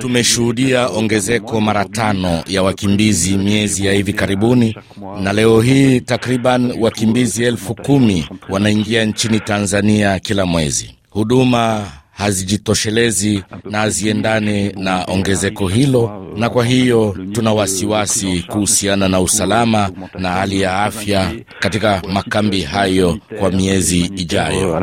Tumeshuhudia ongezeko mara tano ya wakimbizi miezi ya hivi karibuni, na leo hii takriban wakimbizi elfu kumi wanaingia nchini Tanzania kila mwezi. Huduma hazijitoshelezi na haziendani na ongezeko hilo, na kwa hiyo tuna wasiwasi kuhusiana na usalama na hali ya afya katika makambi hayo kwa miezi ijayo.